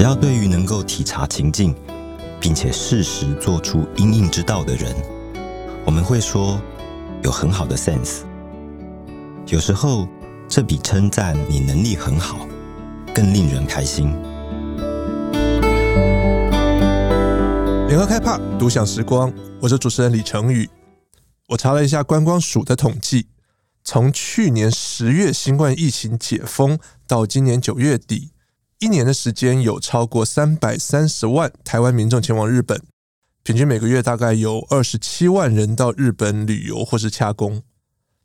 只要對於能夠體察情境，並且適時做出因應之道的人，我們會說有很好的 sense。有時候，這比稱讚你能力很好更令人開心。聯合開趴，讀饗時光，我是主持人李承宇。我查了一下觀光署的統計，從去年十月新冠疫情解封到今年九月底。一年的時間有超過三百三十萬台灣民眾前往日本，平均每個月大概有二十七萬人到日本旅遊或是洽公。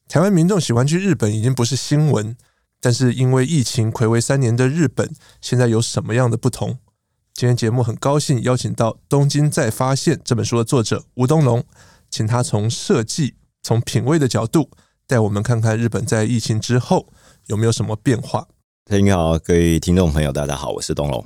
台灣民眾喜歡去日本已經不是新聞，但是因為疫情暌違三年的日本，現在有什麼樣的不同？今天節目很高興邀請到《東京再發現》這本書的作者吳東龍，請他從設計、從品味的角度，帶我們看看日本在疫情之後有沒有什麼變化。大你好，各位聽眾朋友，大家好，我是東龍。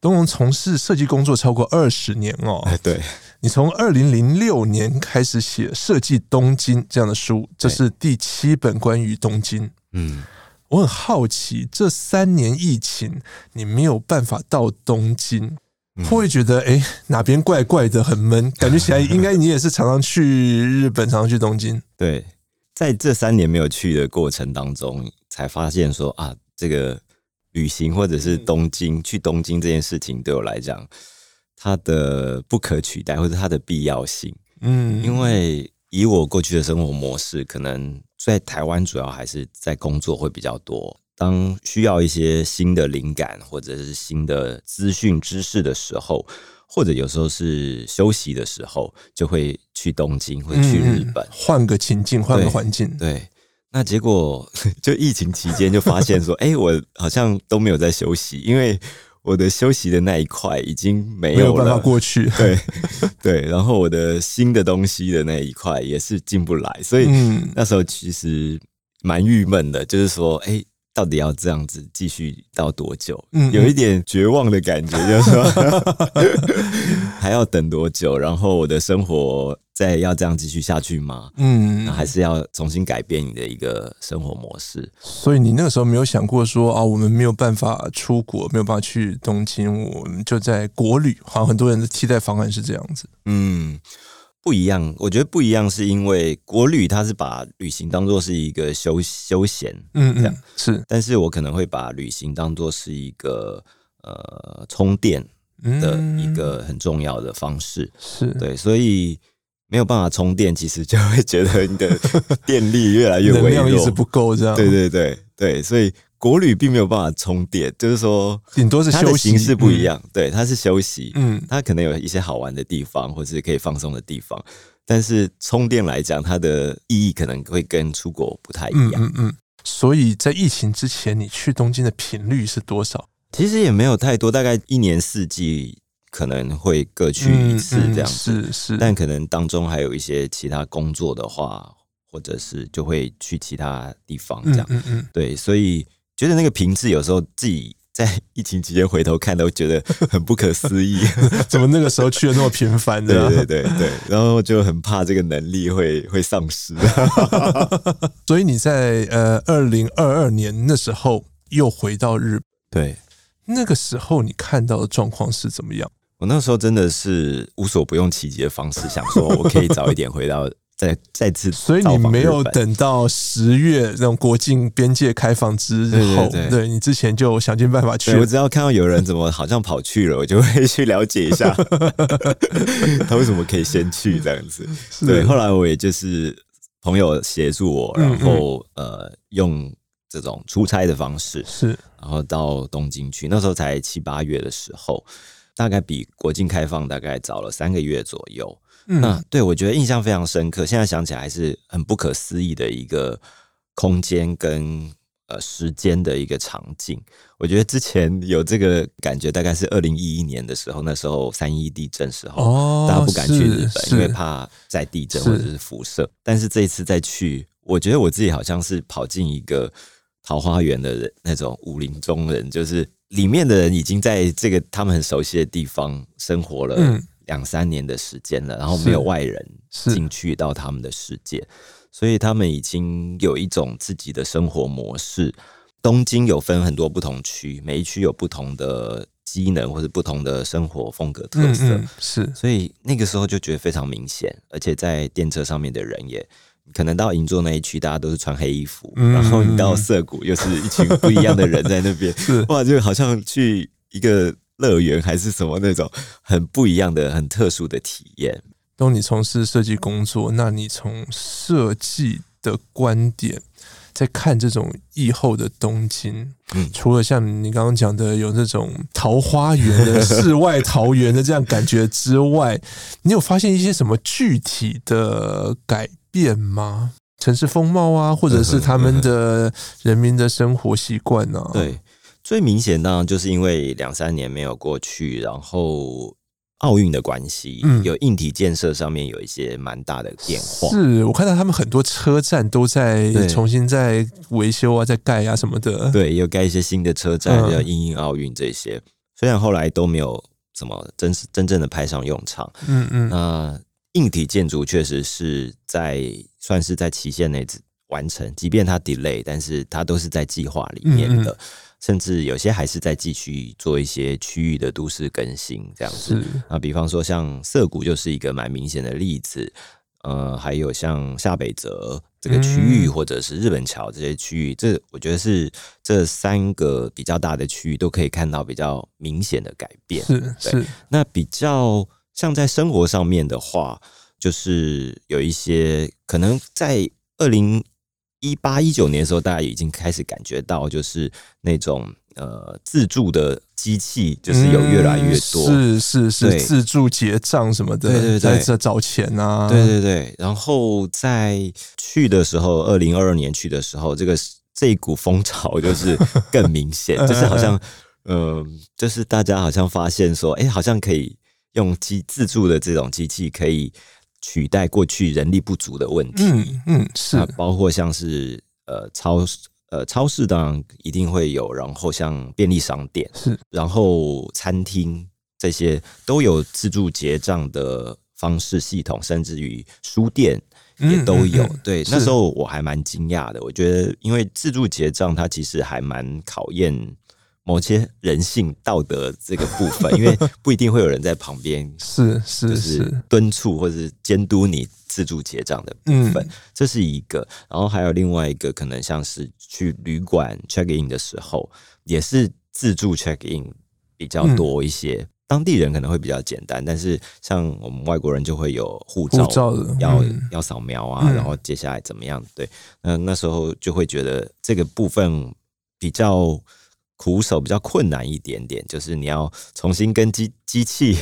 東龍從事設計工作超過二十年哦、喔欸。對你從二零零六年開始寫《設計東京》這樣的書，對這是第七本關於東京。嗯，我很好奇，這三年疫情，你沒有辦法到東京，嗯、會不會覺得哎、欸、哪邊怪怪的，很悶，感覺起來應該你也是常常去日本， 常常去東京。對，在這三年沒有去的過程當中，才發現說啊。這個旅行或者是東京、嗯、去東京這件事情對我來講，它的不可取代或者它的必要性，嗯，因為以我過去的生活模式，可能在台灣主要還是在工作會比較多。當需要一些新的靈感或者是新的資訊知識的時候，或者有時候是休息的時候，就會去東京會去日本、嗯，換個情境，換個環境，對。對那結果就疫情期間就發現說，哎、欸，我好像都沒有在休息，因為我的休息的那一塊已經沒有了，沒有辦法過去了，對，對對，然後我的新的東西的那一塊也是進不來，所以那時候其實蠻鬱悶的，就是說，哎、欸。到底要這樣子繼續到多久？嗯嗯有一點絕望的感覺，就是說 還要等多久？然後我的生活再要這樣繼續下去嗎？嗯嗯，還是要重新改變你的一個生活模式？所以你那個時候沒有想過說啊，我們沒有辦法出國，沒有辦法去東京，我們就在國旅。好像很多人的替代方案是這樣子。嗯。不一樣，我覺得不一樣，是因為國旅它是把旅行當做是一個休休閒，嗯嗯，是，但是我可能會把旅行當做是一個呃充電的一個很重要的方式，嗯，是，對，所以沒有辦法充電，其實就會覺得你的 電力越來越微弱，能量一直不夠，這樣，對對對對，對所以。國旅並沒有辦法充電，就是說頂多是休息，形式不一樣。嗯、對，它是休息，嗯，它可能有一些好玩的地方，或者是可以放鬆的地方。但是充電來講，它的意義可能會跟出國不太一樣。嗯嗯，所以在疫情之前，你去東京的頻率是多少？其實也沒有太多，大概一年四季可能會各去一次這樣子。是、嗯嗯、是，是，但可能當中還有一些其他工作的話，或者是就會去其他地方這樣嗯。嗯嗯，對，所以。覺得那個平質有時候自己在疫情期間回頭看都覺得很不可思議， 怎麼那個時候去得那麼頻繁的？對對對對，然後就很怕這個能力會會喪失。 所以你在呃二零二二年那時候又回到日本，對，那個時候你看到的狀況是怎麼樣？我那時候真的是無所不用其極的方式，想說我可以早一點回到。再再次，所以你沒有等到十月那種國境邊界開放之後，對，對，對，對，你之前就想盡辦法去。我只要看到有人怎麼好像跑去了， 我就會去了解一下， 他為什麼可以先去這樣子。是的。對，後來我也就是朋友協助我，然後嗯嗯呃，用這種出差的方式是，然後到東京去。那時候才七八月的時候，大概比國境開放大概早了三個月左右。那對，我覺得印象非常深刻，現在想起來還是很不可思議的一個空間跟呃時間的一個場景。我覺得之前有這個感覺，大概是二零一一年的時候，那時候三一地震的時候，哦，大家不敢去日本，是因為怕再地震或者是輻射。是但是這一次再去，我覺得我自己好像是跑進一個桃花源的人，那種武林中人，就是裡面的人已經在這個他們很熟悉的地方生活了，嗯。兩三年的時間了，然後沒有外人進去到他們的世界，所以他們已經有一種自己的生活模式。東京有分很多不同區，每一區有不同的機能或者不同的生活風格特色。嗯嗯是，所以那個時候就覺得非常明顯，而且在電車上面的人也可能到銀座那一區，大家都是穿黑衣服，嗯嗯嗯然後你到澀谷又是一群不一樣的人在那邊， 是哇，就好像去一個。樂園還是什麼那種很不一樣的、很特殊的體驗。當你從事設計工作，那你從設計的觀點在看這種疫後的東京，嗯、除了像你剛剛講的有那種桃花源的世外桃源的這樣感覺之外， 你有發現一些什麼具體的改變嗎？城市風貌啊，或者是他們的人民的生活習慣呢？對。最明顯的當然就是因為兩三年沒有過去，然後奧運的關係，嗯、有硬體建設上面有一些蠻大的變化。是我看到他們很多車站都在重新在維修啊，在蓋啊什麼的。對，又蓋一些新的車站，要迎迎奧運這些。嗯、雖然後來都沒有怎麼真真正的派上用場。嗯嗯。那硬體建築確實是在算是在期限內完成，即便它 delay，但是它都是在計劃裡面的。嗯嗯。甚至有些還是在區域做一些區域的都市更新這樣子啊，是那比方說像澀谷就是一個蠻明顯的例子，呃，還有像下北澤這個區域，嗯、或者是日本橋這些區域，這我覺得是這三個比較大的區域都可以看到比較明顯的改變。是是，對是那比較像在生活上面的話，就是有一些可能在二零。一八一九年的時候，大家已經開始感覺到，就是那種呃自助的機器，就是有越來越多，嗯、是是是對自助結賬什麼的，對對對在這找錢啊，對對對。然後在去的時候，二零二二年去的時候，這個這一股風潮就是更明顯， 就是好像嗯、呃，就是大家好像發現說，哎、欸，好像可以用機自助的這種機器可以。取代過去人力不足的問題，嗯，嗯，是，包括像是呃超呃超市當然一定會有，然後像便利商店是然後餐廳這些都有自助結賬的方式系統，甚至於書店也都有。嗯嗯嗯、對，是那時候我還蠻驚訝的，我覺得因為自助結賬它其實還蠻考驗。某些人性道德這個部分，因為不一定會有人在旁邊， 是是是敦促，或者監督你自助結賬的部分，嗯、這是一個。然後還有另外一個可能，像是去旅館 check in 的時候，也是自助 check in 比較多一些。嗯、當地人可能會比較簡單，但是像我們外國人就會有護照要照、嗯、要掃描啊，嗯、然後接下來怎麼樣？對，嗯，那時候就會覺得這個部分比較。苦手，比較困難一點點，就是你要重新跟機機器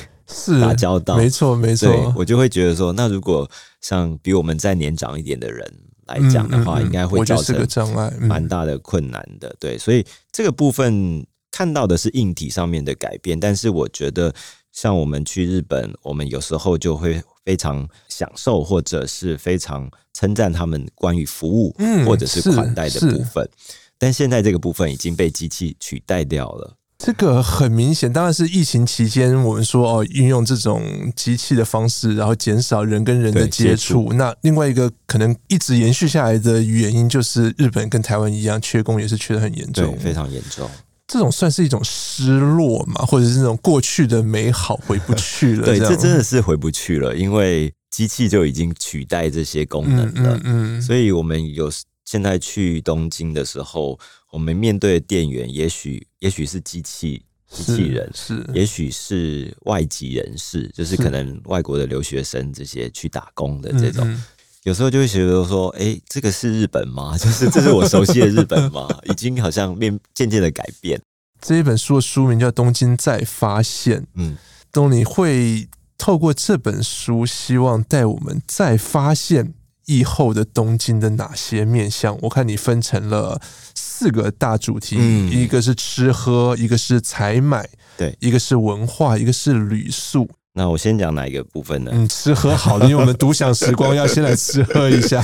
打交道，沒錯沒錯。對，我就會覺得說，那如果像比我們再年長一點的人來講的話，嗯嗯嗯、應該會造成障礙，蠻大的困難的。嗯、對，所以這個部分看到的是硬體上面的改變，但是我覺得像我們去日本，我們有時候就會非常享受，或者是非常稱讚他們關於服務或者是款待的部分。嗯但現在這個部分已經被機器取代掉了。這個很明顯，當然是疫情期間，我們說哦，運用這種機器的方式，然後減少人跟人的接觸。接那另外一個可能一直延續下來的原因，就是日本跟台灣一樣，缺工也是缺的很嚴重，對，非常嚴重。這種算是一種失落嘛，或者是那種過去的美好回不去了？ 對，這真的是回不去了，因為機器就已經取代這些功能了。嗯，嗯嗯，所以我們有。現在去東京的時候，我們面對的店員，也許也許是機器機器人，是，是也許是外籍人士，就是可能外國的留學生這些是去打工的這種，嗯嗯有時候就會覺得說，哎、欸，這個是日本嗎？就是這是我熟悉的日本嗎？ 已經好像變漸漸的改變。這一本書的書名叫《東京再發現》，嗯，東龍會透過這本書，希望帶我們再發現。疫後的東京的哪些面向？我看你分成了四個大主題，嗯、一個是吃喝，一個是採買，對，一個是文化，一個是旅宿。那我先講哪一個部分呢？嗯，吃喝好的，因為我們讀饗時光要先來吃喝一下。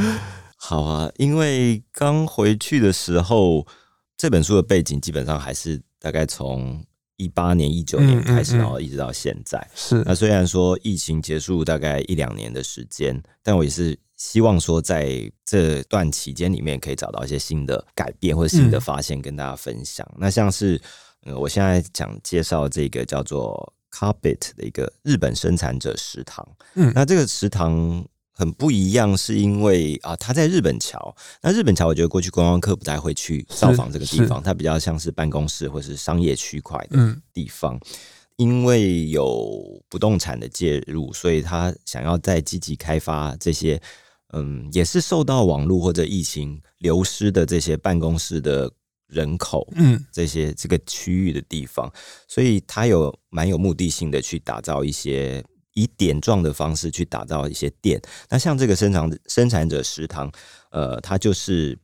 好啊，因為剛回去的時候，這本書的背景基本上還是大概從。一八年、一九年開始，然後一直到現在。嗯嗯嗯、是，那雖然說疫情結束大概一兩年的時間，但我也是希望說在這段期間裡面可以找到一些新的改變或者新的發現、嗯、跟大家分享。那像是，嗯、我現在想介紹這個叫做 Carpet 的一個日本生產者食堂。嗯，那這個食堂。很不一樣，是因為啊，他在日本橋。那日本橋，我覺得過去觀光客不太會去造訪這個地方，它比較像是辦公室或是商業區塊的地方。嗯，因為有不動產的介入，所以他想要再積極開發這些，嗯，也是受到網絡或者疫情流失的這些辦公室的人口，嗯，這些這個區域的地方，所以他有蠻有目的性的去打造一些，以點狀的方式去打造一些店，那像這個生長生產者食堂，呃，它就是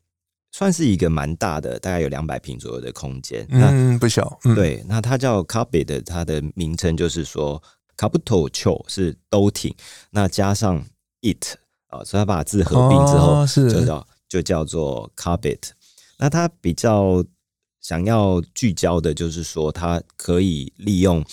算是一個蠻大的，大概有兩百平左右的空間。嗯，那不小。對，嗯、那它叫 Carpet，它的名稱就是說 Capital Cho 是都挺，那加上 It 啊、呃，所以它把字合併之後就叫、哦、就叫做 Carpet。那它比較想要聚焦的，就是說它可以利用。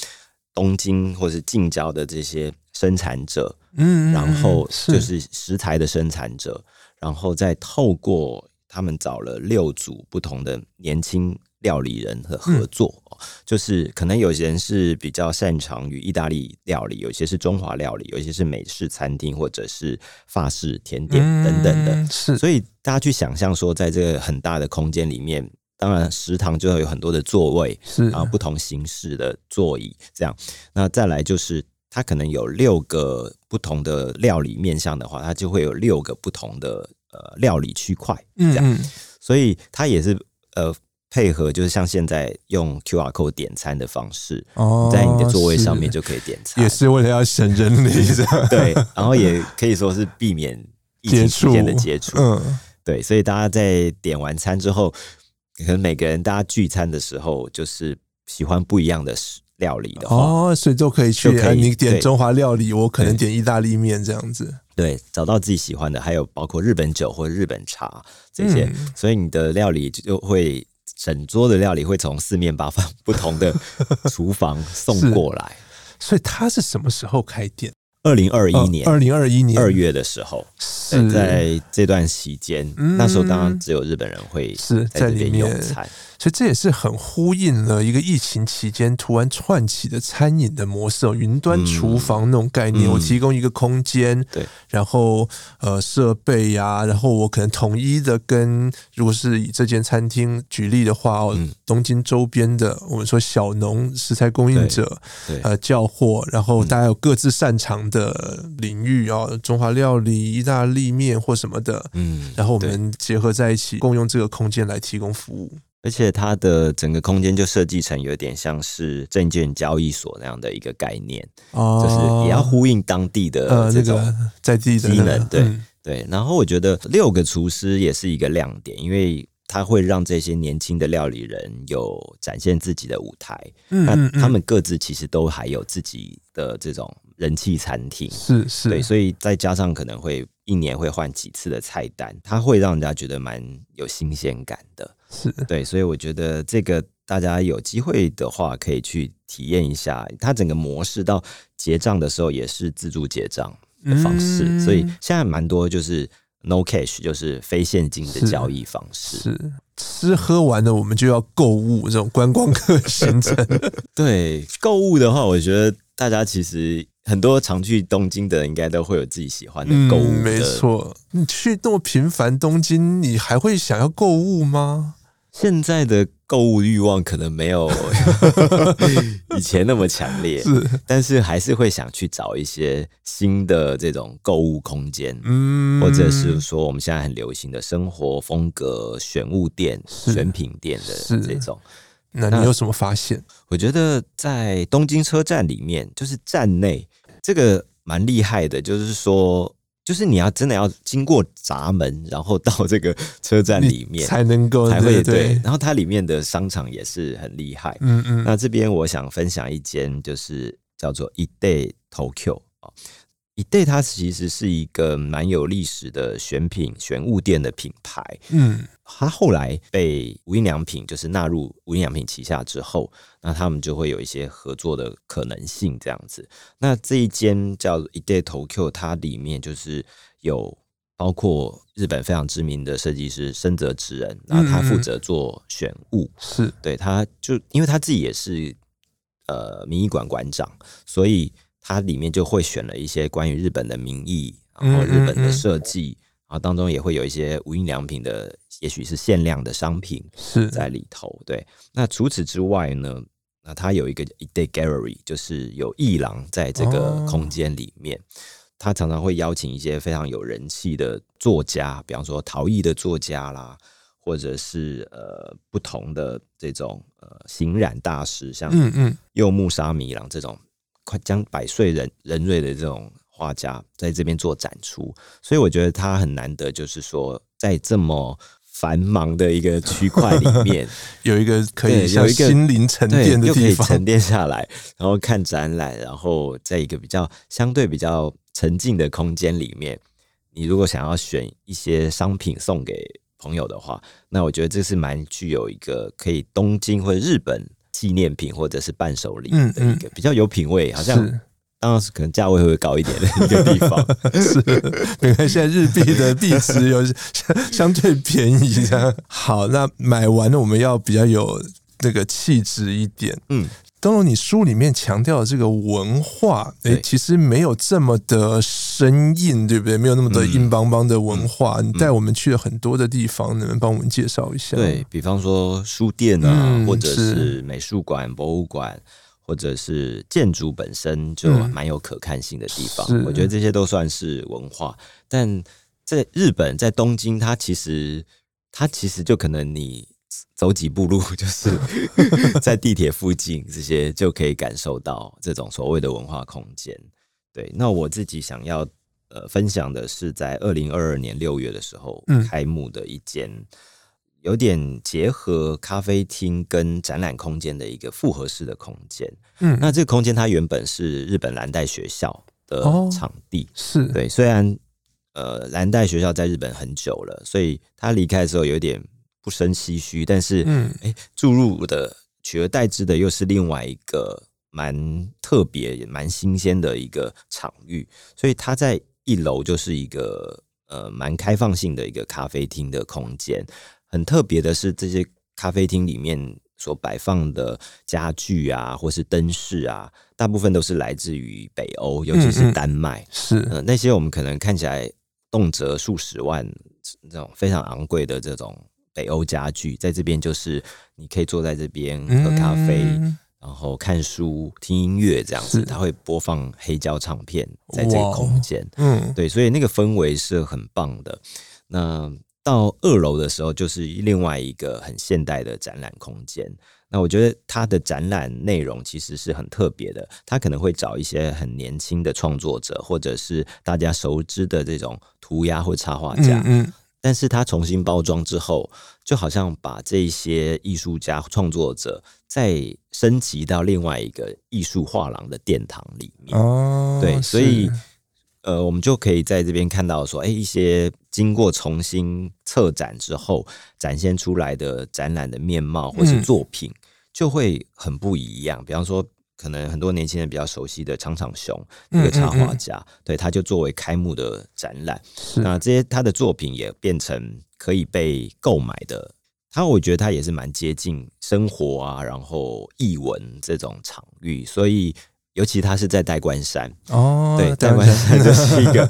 東京或是近郊的這些生產者，嗯，然後就是食材的生產者，是然後再透過他們找了六組不同的年輕料理人和合作，嗯，就是可能有些人是比較擅長於意大利料理，有些是中華料理，有些是美式餐廳或者是法式甜點等等的，嗯，是，所以大家去想象說，在這個很大的空間裡面。當然，食堂就會有很多的座位，是然後不同形式的座椅這樣。那再來就是，它可能有六個不同的料理面向的話，它就會有六個不同的呃料理區塊，這樣。嗯嗯，所以它也是呃配合，就是像現在用 Q R Code 點餐的方式，哦、在你的座位上面就可以點餐，是也是為了要省人力的。 對，然後也可以說是避免疫情期間的接觸，接觸，嗯，對。所以大家在點完餐之後。可能每個人大家聚餐的時候，就是喜歡不一樣的料理的話哦，所以就可以去看、啊、你點中華料理，對我可能點意大利面這樣子。對，找到自己喜歡的，還有包括日本酒或日本茶這些，嗯、所以你的料理就會整桌的料理會從四面八方不同的廚房 送過來。所以他是什麼時候開店？二零二一年，二零二一年二月的時候，是在這段期間，嗯、那時候當然只有日本人會在這邊用餐。所以這也是很呼應了一個疫情期間突然串起的餐飲的模式，哦，雲端廚房那種概念。我提供一個空間，對，然後呃設備呀，啊，然後我可能統一的跟，如果是以這間餐廳舉例的話，哦，東京周邊的我們說小農食材供應者，呃，叫貨，然後大家有各自擅長的領域啊，哦，中華料理、意大利麵或什麼的，嗯，然後我們結合在一起，共用這個空間來提供服務。而且它的整個空間就設計成有點像是證券交易所那樣的一個概念，哦、就是也要呼應當地的這種在地機能。對對。然後我覺得六個廚師也是一個亮點，因為他會讓這些年輕的料理人有展現自己的舞台。嗯嗯。嗯嗯，那他們各自其實都還有自己的這種人氣餐廳，是是。對，所以再加上可能會一年會換幾次的菜單，它會讓人家覺得蠻有新鮮感的。是，對，所以我覺得這個大家有機會的話可以去體驗一下，它整個模式到結賬的時候也是自助結賬的方式，嗯、所以現在蠻多就是 no cash，就是非現金的交易方式。是，是吃喝玩的，我們就要購物這種觀光客行程。 對，購物的話，我覺得大家其實很多常去東京的人應該都會有自己喜歡的、嗯、購物的。沒錯，你去那麼頻繁東京，你還會想要購物嗎？現在的購物慾望可能沒有 以前那麼強烈， 是，但是還是會想去找一些新的這種購物空間，嗯，或者是說我們現在很流行的生活風格選物店、是選品店的這種。是，那你有什麼發現？那我覺得在東京車站裡面，就是站內，這個蠻厲害的，就是說。就是你要真的要經過閘門，然後到這個車站裡面才能夠，才會對，對，對。然後它裡面的商場也是很厲害，嗯嗯。那這邊我想分享一間，就是叫做 “IDÉE Tokyo” 啊，“IDÉE” 它其實是一個蠻有歷史的選品選物店的品牌，嗯。他後來被無印良品，就是納入無印良品旗下之後，那他們就會有一些合作的可能性這樣子。那這一間叫 Idée Tokyo，它裡面就是有包括日本非常知名的設計師深澤直人，然後他負責做選物、嗯嗯，是對，他就因為他自己也是呃，民藝館館長，所以他裡面就會選了一些關於日本的民藝，然後日本的設計。嗯嗯嗯啊，當中也會有一些無印良品的，也許是限量的商品是在裡頭。對，那除此之外呢？那它有一個 “Day Gallery”，就是有藝廊在這個空間裡面，他、哦、常常會邀請一些非常有人氣的作家，比方說陶藝的作家啦，或者是呃不同的這種呃型染大師，像嗯嗯柚木沙彌郎這種快將百歲人人瑞的這種。畫家在這邊做展出，所以我覺得他很難得，就是說在這麼繁忙的一個區塊裡面， 有一個可以有一個心靈沉澱的地方，又可以沉澱下來，然後看展覽，然後在一個比較相對比較沉靜的空間裡面，你如果想要選一些商品送給朋友的話，那我覺得這是蠻具有一個可以東京或日本紀念品或者是伴手禮的一個嗯嗯比較有品味，好像。當然是可能價位會,會高一點的一個地方， 是，因為現在日幣的幣值有相相對便宜的。好，那買完了我們要比較有那個氣質一點。嗯，當然你書裡面強調的這個文化，哎，其實沒有這麼的生硬，對不對？沒有那麼多硬邦邦的文化。嗯、你帶我們去了很多的地方，能不能幫我們介紹一下？對，比方說書店啊，嗯、或者是美術館、是博物館。或者是建築本身就蠻有可看性的地方，嗯、我覺得這些都算是文化。但在日本，在東京，它其實它其實就可能你走幾步路，就是、嗯、 在地鐵附近這些就可以感受到這種所謂的文化空間。對，那我自己想要呃分享的是，在二零二二年六月的時候，開幕的一間、嗯。有點結合咖啡廳跟展覽空間的一個複合式的空間。嗯，那這個空間它原本是日本藍帶學校的場地，哦、是對。雖然呃，藍帶學校在日本很久了，所以他離開的時候有點不勝唏噓，但是嗯，誒注入的取而代之的又是另外一個蠻特別、蠻新鮮的一個場域，所以它在一樓就是一個呃蠻開放性的一個咖啡廳的空間。很特別的是，這些咖啡廳裡面所擺放的家具啊，或是燈飾啊，大部分都是來自於北歐，尤其是丹麥。嗯、嗯、是。呃，那些我們可能看起來動輒數十萬，這種非常昂貴的這種北歐家具，在這邊就是你可以坐在這邊喝咖啡，嗯、然後看書、聽音樂這樣子。是、它會播放黑膠唱片，在這個空間，嗯，對，所以那個氛圍是很棒的。那。到二樓的時候，就是另外一個很現代的展覽空間。那我覺得它的展覽內容其實是很特別的，它可能會找一些很年輕的創作者，或者是大家熟知的這種塗鴉或插畫家。嗯嗯，但是它重新包裝之後，就好像把這些藝術家創作者再升級到另外一個藝術畫廊的殿堂裡面。哦，對，所以。呃，我們就可以在這邊看到說，哎、欸，一些經過重新策展之後展現出來的展覽的面貌，或是作品就會很不一樣。嗯、比方說，可能很多年輕人比較熟悉的長場熊一個插畫家，嗯嗯嗯對，他就作為開幕的展覽，是那這些他的作品也變成可以被購買的。他我覺得他也是蠻接近生活啊，然後藝文這種場域，所以。尤其他是在代官山哦，oh, 對，代官山就是一個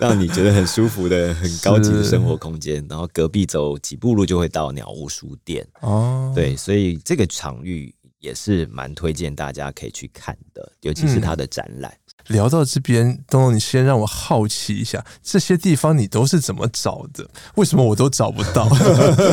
讓你覺得很舒服的， 很高級的生活空間。是的 然後隔壁走幾步路就會到鳥屋書店哦，oh. 對，所以這個場域也是蠻推薦大家可以去看的，尤其是它的展覽。嗯聊到這邊，東東，你先讓我好奇一下，這些地方你都是怎麼找的？為什麼我都找不到？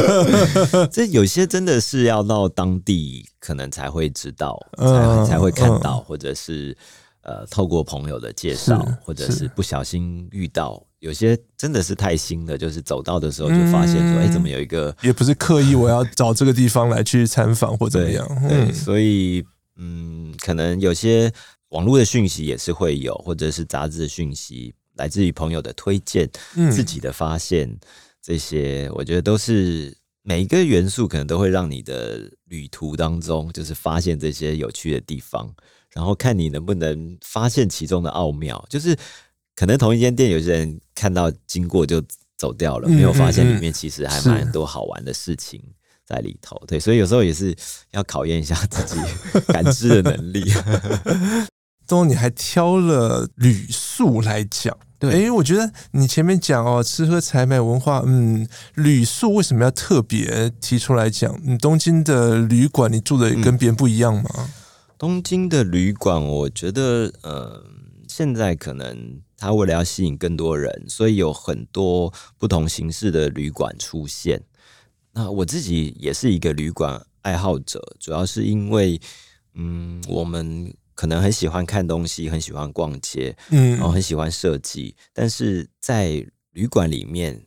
這有些真的是要到當地可能才會知道，嗯、才才會看到，嗯、或者是呃，透過朋友的介紹，是或者是不小心遇到。是有些真的是太新的，就是走到的時候就發現說，哎、嗯欸，怎麼有一個？也不是刻意我要找這個地方來去參訪或怎麼樣。對，對嗯、所以嗯，可能有些。網絡的訊息也是會有，或者是雜誌的訊息，來自於朋友的推薦，嗯、自己的發現，這些我覺得都是每一個元素，可能都會讓你的旅途當中，就是發現這些有趣的地方，然後看你能不能發現其中的奧妙。就是可能同一間店，有些人看到經過就走掉了，沒有發現裡面其實還蠻多好玩的事情在裡頭。是對，所以有時候也是要考驗一下自己感知的能力。 中你還挑了旅宿來講，對，哎，我覺得你前面講哦、喔，吃喝採買文化，嗯，旅宿為什麼要特別提出來講？你東京的旅館，你住的跟別人不一樣嗎？嗯、東京的旅館，我覺得，嗯、呃，現在可能它為了要吸引更多人，所以有很多不同形式的旅館出現。那我自己也是一個旅館愛好者，主要是因為，嗯，我們。可能很喜歡看東西，很喜歡逛街，嗯，然後很喜歡設計。嗯、但是在旅館裡面，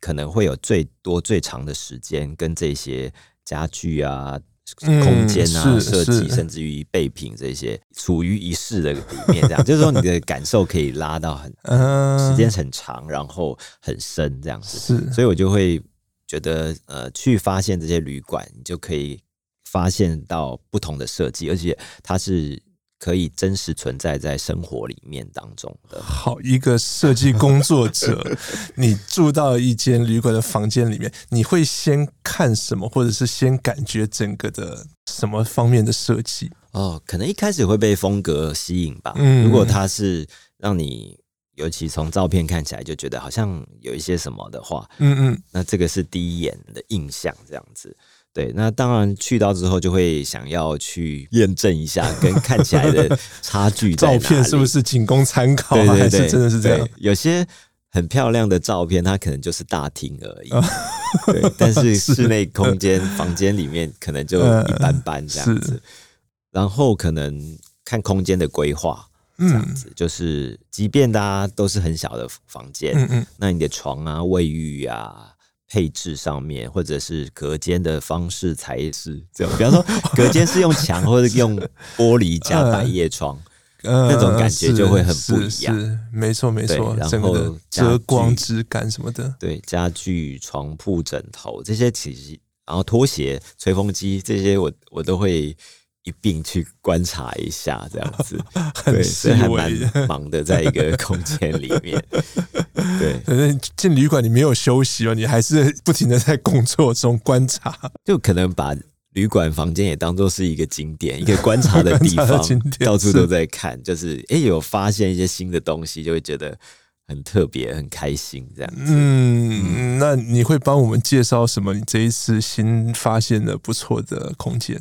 可能會有最多最長的時間跟這些家具啊、空間啊、設計、嗯，設計甚至於備品這些，處於一室的裡面，這樣 就是說你的感受可以拉到很、嗯、時間很長，然後很深這樣子。是所以我就會覺得，呃，去發現這些旅館，你就可以發現到不同的設計，而且它是。可以真實存在在生活裡面當中的。好一個設計工作者， 你住到一間旅館的房間裡面，你會先看什麼，或者是先感覺整個的什麼方面的設計？哦，可能一開始會被風格吸引吧。嗯，嗯，如果它是讓你，尤其從照片看起來就覺得好像有一些什麼的話，嗯嗯，那這個是第一眼的印象，這樣子。對，那當然去到之後就會想要去驗證一下，跟看起來的差距在哪裡？照片是不是僅供參考？對對對，真的是這樣。有些很漂亮的照片，它可能就是大廳而已。對，但是室內空間、房間裡面可能就一般般這樣子。然後可能看空間的規劃，這樣子就是，即便大家、啊、都是很小的房間，那你的床啊、衛浴啊。配置上面，或者是隔間的方式才是這樣。比方說，隔間是用牆， 或者用玻璃加百葉窗，呃、那種感覺就會很不一樣。沒錯、呃，沒錯。然後遮光質感什麼的，對，家具、床鋪、枕頭這些，其實然後拖鞋、吹風機這些我，我我都會。一併去觀察一下，這樣子，對，是還蠻忙的，在一個空間裡面。對，反正進旅館你沒有休息哦，你還是不停的在工作中觀察，就可能把旅館房間也當作是一個景點，一個觀察的地方，到處都在看，就是哎、欸，有發現一些新的東西，就會覺得很特別，很開心這樣。嗯，那你會幫我們介紹什麼？你這一次新發現的不錯的空間？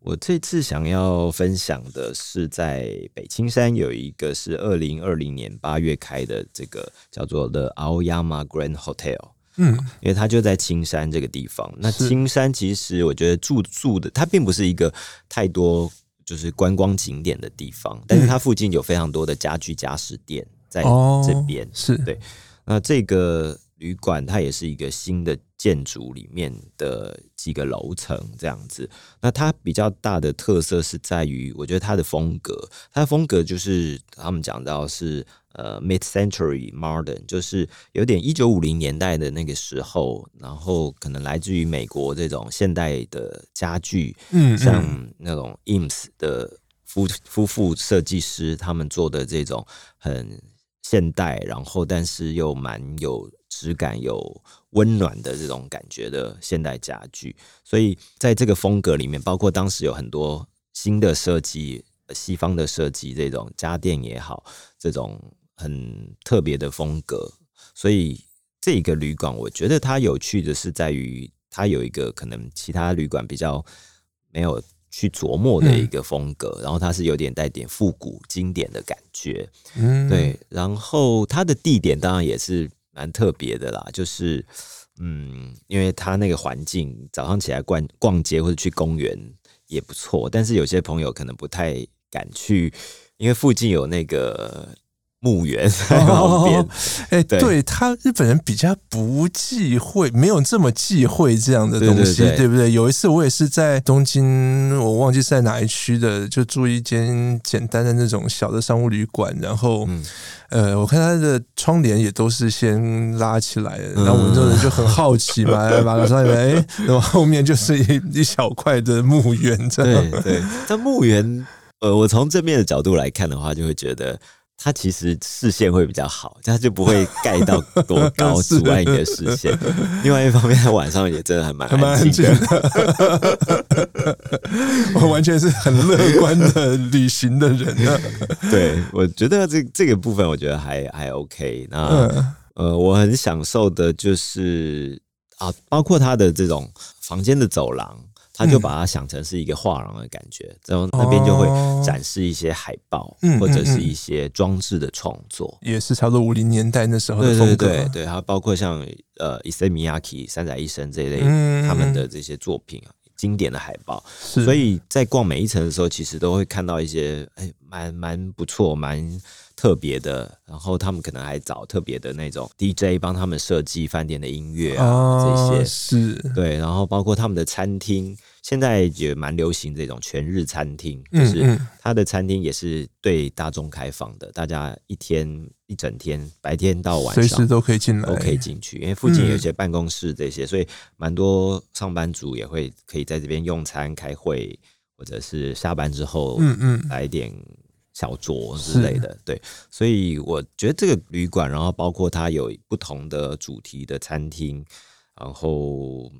我這次想要分享的是，在北青山有一個是二零二零年八月開的這個叫做 The Oyama Grand Hotel。嗯，因為它就在青山這個地方。是那青山其實我覺得住住的它並不是一個太多就是觀光景點的地方，嗯，但是它附近有非常多的家具家飾店在，哦，這邊邊，是，對。那這個。旅館它也是一個新的建築裡面的幾個樓層這樣子，那它比較大的特色是在於，我覺得它的風格，它的風格就是他們講到是呃，mid-century modern，就是有點一九五零年代的那個時候，然後可能來自於美國這種現代的家具，嗯，嗯，像那種 Eames 的夫夫婦設計師他們做的這種很現代，然後但是又蠻有。質感有溫暖的這種感覺的現代家具，所以在這個風格裡面，包括當時有很多新的設計、西方的設計，這種家電也好，這種很特別的風格。所以這個旅館，我覺得它有趣的是在於它有一個可能其他旅館比較沒有去琢磨的一個風格，然後它是有點帶點復古經典的感覺，對。然後它的地點當然也是。蠻特別的啦，就是，嗯，因為他那個環境，早上起來逛逛街或者去公園也不錯，但是有些朋友可能不太敢去，因為附近有那個。墓園在後面，哦欸、對,對他日本人比較不忌諱，沒有這麼忌諱這樣的東西，對,對,對,對不對？有一次我也是在東京，我忘記是在哪一區的，就住一間簡單的那種小的商務旅館，然後，嗯、呃，我看他的窗簾也都是先拉起來的，然後我們這人就很好奇嘛，然後後面就是一一小塊的墓園，對對。但墓園，呃，我從正面的角度來看的話，就會覺得。他其實視線會比較好，這樣就不會蓋到多高，阻礙你的視線。 是 另外一方面，晚上也真的還蠻安全的。的 我完全是很樂觀的旅行的人呢。 對，我覺得這這個部分，我覺得還還 OK。那、嗯、呃，我很享受的就是啊，包括他的這種房間的走廊。他就把它想成是一個畫廊的感覺，嗯、然後那邊就會展示一些海報、嗯、或者是一些裝置的創作，也是差不多五零年代那時候的風格。對對對，對，對，還包括像呃伊森米亞基、三宅一生這一類、嗯、他們的這些作品啊，經典的海報。是所以在逛每一層的時候，其實都會看到一些哎，蠻、欸、蠻不錯、蠻特別的。然後他們可能還找特別的那種 DJ 幫他們設計飯店的音樂啊，啊這些是。對，然後包括他們的餐廳。現在也蠻流行這種全日餐廳，就是它的餐廳也是對大眾開放的，大家一天一整天白天到晚上隨時都可以進來，都可以進去，因為附近有些辦公室這些，所以蠻多上班族也會可以在這邊用餐、開會，或者是下班之後，嗯嗯，來點小酌之類的。對，所以我覺得這個旅館，然後包括它有不同的主題的餐廳，然後。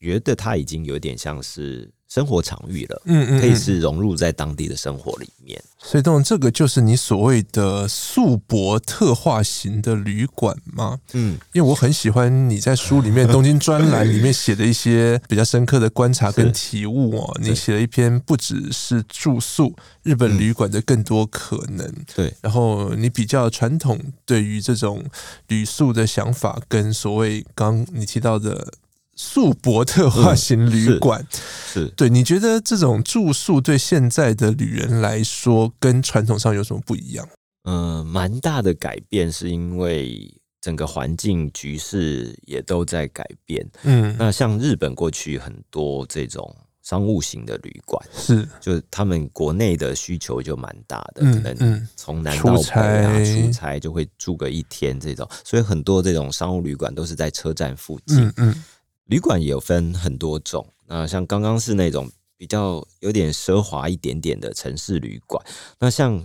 覺得它已經有點像是生活場域了，嗯，嗯嗯，可以是融入在當地的生活裡面。所以，當然這個就是你所謂的宿泊特化型的旅館嗎？嗯，因為我很喜歡你在書裡面 東京專欄裡面寫的一些比較深刻的觀察跟體悟哦。是你寫了一篇「不只是住宿日本旅館」的更多可能，對、嗯。然後你比較傳統對於這種旅宿的想法，跟所謂剛你提到的。宿泊特化型旅館、嗯、是，是對，你覺得這種住宿對現在的旅人來說，跟傳統上有什麼不一樣？嗯，蠻大的改變，是因為整個環境局勢也都在改變。嗯，那像日本過去很多這種商務型的旅館，是，就是他們國內的需求就蠻大的，嗯嗯、可能從南到北啊，出差，出差就會住個一天這種，所以很多這種商務旅館都是在車站附近。嗯。嗯旅館也有分很多種，那像剛剛是那種比較有點奢華一點點的城市旅館，那像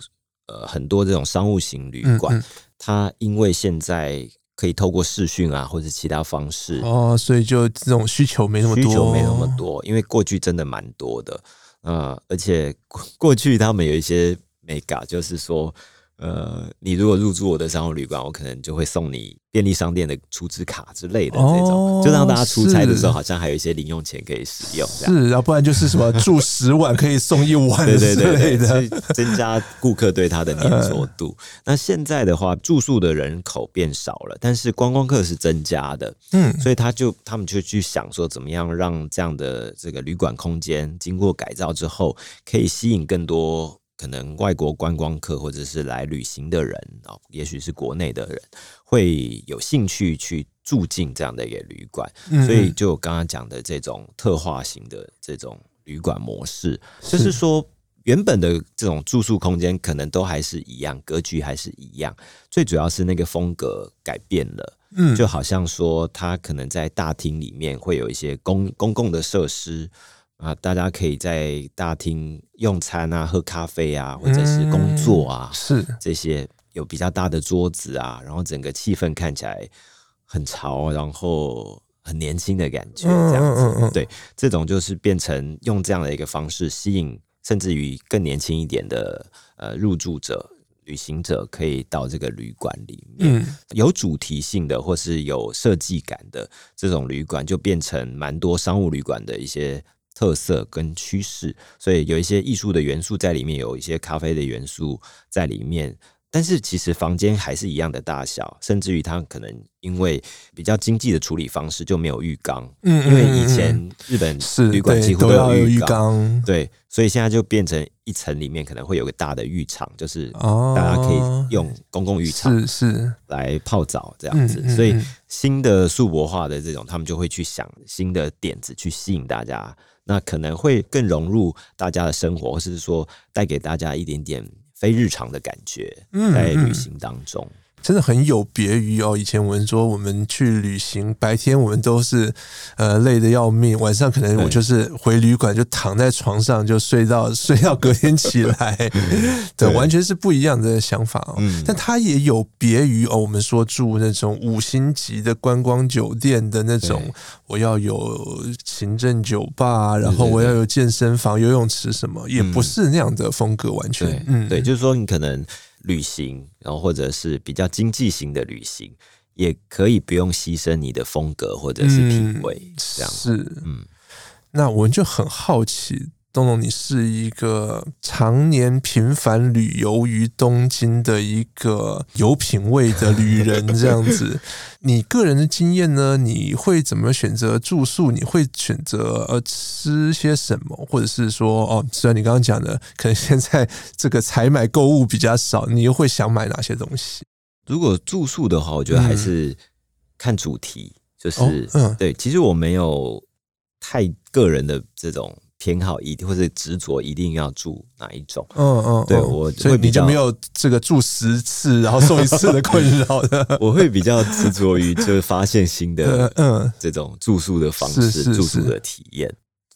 呃很多這種商務型旅館，嗯嗯、它因為現在可以透過視訊啊或者其他方式哦，所以就這種需求沒那麼多，需求沒那麼多，因為過去真的蠻多的，嗯、呃，而且過去他們有一些美感就是說。呃，你如果入住我的商務旅館，我可能就會送你便利商店的儲值卡之類的這種，哦，就讓大家出差的時候是好像還有一些零用錢可以使用，是、啊，要不然就是什麼住十晚可以送一晚之類的，對對對，增加顧客對他的粘着度。嗯、那現在的話，住宿的人口變少了，但是觀光客是增加的，嗯，所以他就他們就去想說，怎麼樣讓這樣的這個旅館空間經過改造之後，可以吸引更多。可能外國觀光客或者是來旅行的人，也許是國內的人會有興趣去住進這樣的一個旅館，嗯哼，所以就剛剛講的這種特化型的這種旅館模式，是，就是說原本的這種住宿空間可能都還是一樣，格局還是一樣，最主要是那個風格改變了，嗯，就好像說他可能在大廳裡面會有一些公公共的設施。啊，大家可以在大廳用餐啊，喝咖啡啊，或者是工作啊，嗯、是這些有比較大的桌子啊，然後整個氣氛看起來很潮，然後很年輕的感覺，這樣子、嗯嗯嗯嗯、對，這種就是變成用這樣的一個方式吸引，甚至於更年輕一點的呃入住者、旅行者可以到這個旅館裡面，嗯、有主題性的或是有設計感的這種旅館，就變成蠻多商務旅館的一些特色跟趨勢，所以有一些藝術的元素在裡面，有一些咖啡的元素在裡面。但是其實房間還是一樣的大小，甚至於它可能因為比較經濟的處理方式就沒有浴缸。嗯，嗯，嗯，因為以前日本是旅館幾乎都有浴缸，浴缸，對，所以現在就變成一層裡面可能會有個大的浴場，就是大家可以用公共浴場是是來泡澡這樣子。哦、是是，所以新的宿泊化的這種，他們就會去想新的點子去吸引大家。那可能會更融入大家的生活，或是說帶給大家一點點非日常的感覺，在旅行當中。嗯嗯真的很有別於哦，以前我們說我們去旅行，白天我們都是呃累得要命，晚上可能我就是回旅館就躺在床上，嗯、就睡到睡到隔天起來，嗯、 對，對完全是不一樣的想法哦。但它也有別於哦，我們說住那種五星級的觀光酒店的那種，對我要有行政酒吧，然後我要有健身房，對對對游泳池什麼，也不是那樣的風格，嗯、完全嗯對，對，就是說你可能。旅行，然後或者是比較經濟型的旅行，也可以不用犧牲你的風格或者是品味，這樣是嗯。是嗯，那我們就很好奇。東東，你是一個常年頻繁旅遊於東京的一個有品味的旅人，這樣子。你個人的經驗呢？你會怎麼選擇住宿？你會選擇呃吃些什麼？或者是說，哦，雖然你剛剛講的，可能現在這個採買購物比較少，你又會想買哪些東西？如果住宿的話，我覺得還是看主題，嗯、就是對。其實我沒有太個人的這種。偏好一定或者執着一定要住哪一種？嗯嗯、哦，哦、對，我覺得比較沒有這個住十次然後送一次的困擾的。 我會比較執着於就是發現新的這種住宿的方式，嗯、住宿的體驗，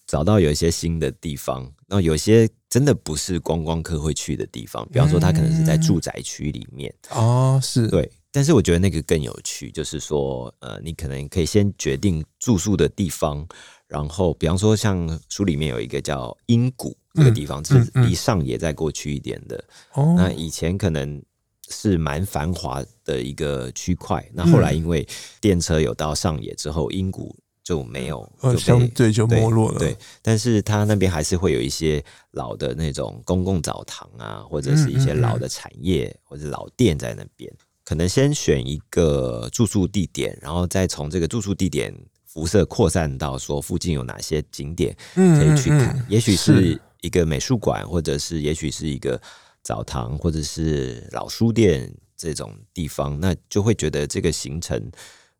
找到有一些新的地方，那有些真的不是觀光客會去的地方，比方說他可能是在住宅區裡面啊、嗯哦，是對，但是我覺得那個更有趣，就是說呃，你可能可以先決定住宿的地方。然後，比方說，像書裡面有一個叫鶯谷那個地方，是離上野再過去一點的。嗯嗯嗯、那以前可能是蠻繁華的一個區塊，嗯、那後來因為電車有到上野之後，鶯谷就沒有，呃哇，就被相對就沒落了對。對，但是它那邊還是會有一些老的那種公共澡堂啊，或者是一些老的產業、嗯嗯、或者老店在那邊。可能先選一個住宿地點，然後再從這個住宿地點。輻射擴散到說附近有哪些景點可以去看，也許是一個美術館，或者是也許是一個澡堂，或者是老書店這種地方，那就會覺得這個行程，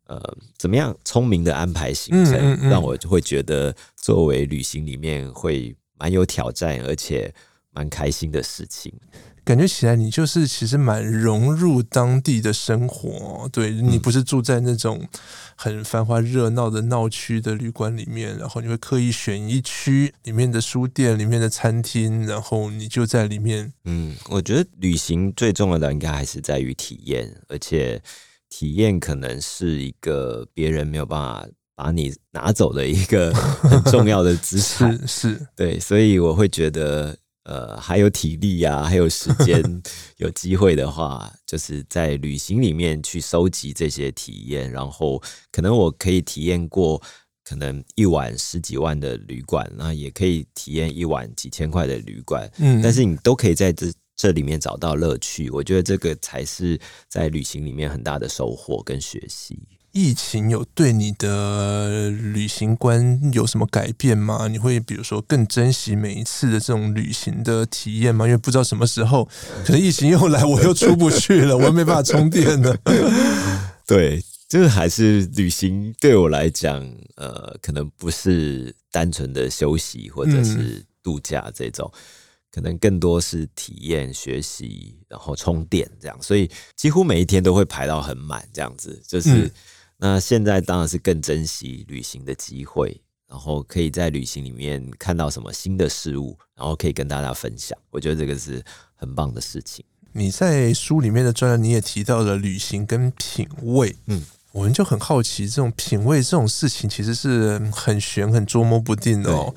呃，怎麼樣聰明的安排行程，讓我就會覺得作為旅行裡面會蠻有挑戰，而且蠻開心的事情。感覺起來，你就是其實蠻融入當地的生活，對，你不是住在那種很繁華熱鬧的鬧區的旅館裡面，然後你會刻意選一區裡面的書店、裡面的餐廳，然後你就在裡面。嗯，我覺得旅行最重要的應該還是在於體驗，而且體驗可能是一個別人沒有辦法把你拿走的一個很重要的姿勢。 是，對，所以我會覺得。呃，還有體力呀，啊，還有時間，有機會的話， 就是在旅行裡面去收集這些體驗。然後，可能我可以體驗過，可能一晚十幾萬的旅館，然後也可以體驗一晚幾千塊的旅館。嗯，但是你都可以在這這裡面找到樂趣。我覺得這個才是在旅行裡面很大的收穫跟學習。疫情有對你的旅行觀有什麼改變嗎？你會比如說更珍惜每一次的這種旅行的體驗嗎？因為不知道什麼時候，可能疫情又來，我又出不去了， 我又沒辦法充電了。對，就是還是旅行對我來講，呃，可能不是單純的休息或者是度假這種，嗯、可能更多是體驗、學習，然後充電這樣。所以幾乎每一天都會排到很滿，這樣子就是。嗯那現在當然是更珍惜旅行的機會，然後可以在旅行裡面看到什麼新的事物，然後可以跟大家分享。我覺得這個是很棒的事情。你在書裡面的專欄你也提到了旅行跟品味，嗯，我們就很好奇這種品味這種事情其實是很玄、很捉摸不定的哦。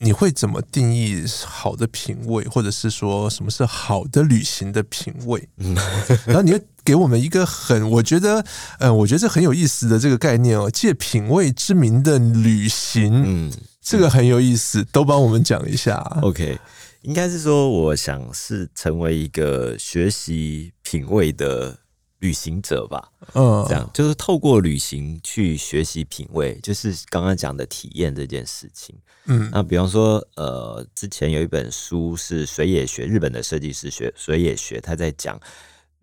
你會怎麼定義好的品味，或者是說什麼是好的旅行的品味？ 然後你又給我們一個很，我覺得，嗯，我覺得這很有意思的這個概念哦，借品味之名的旅行，嗯，這個很有意思，都幫我們講一下。OK，應該是說，我想是成為一個學習品味的旅行者吧，嗯，oh. 這樣就是透過旅行去學習品味，就是剛剛講的體驗這件事情。嗯，那比方說，呃，之前有一本書是水野學，日本的設計師學水野學，他在講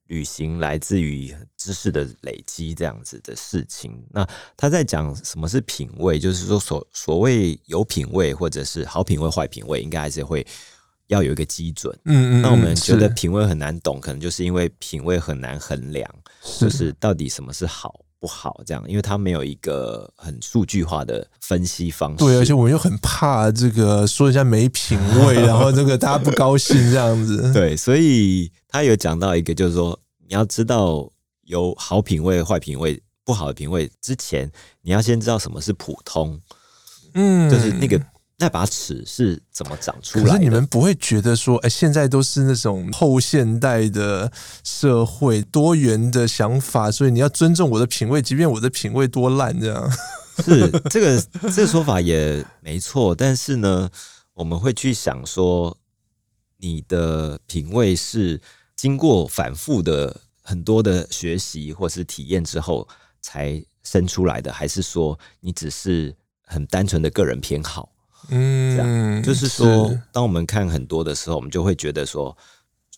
旅行來自於知識的累積這樣子的事情。那他在講什麼是品味，就是說所所謂有品味或者是好品味、壞品味，應該還是會。要有一個基準，嗯嗯，那我們覺得品味很難懂，是可能就是因為品味很難衡量，是，就是到底什麼是好不好這樣，因為他沒有一個很數據化的分析方式。對，而且我們又很怕這個說一下沒品味， 然後這個大家不高興這樣子。 對，所以他有講到一個，就是說你要知道有好品味、壞品味、不好的品味之前，你要先知道什麼是普通，嗯，就是那個。那把尺是怎麼長出來？可是你們不會覺得說，哎、欸，現在都是那種後現代的社會，多元的想法，所以你要尊重我的品味，即便我的品味多爛， 這樣。是，這個這個說法也沒錯。但是呢，我們會去想說，你的品味是經過反覆的很多的學習或是體驗之後才生出來的，還是說你只是很單純的個人偏好？嗯、啊，就是說，是當我們看很多的時候，我們就會覺得說，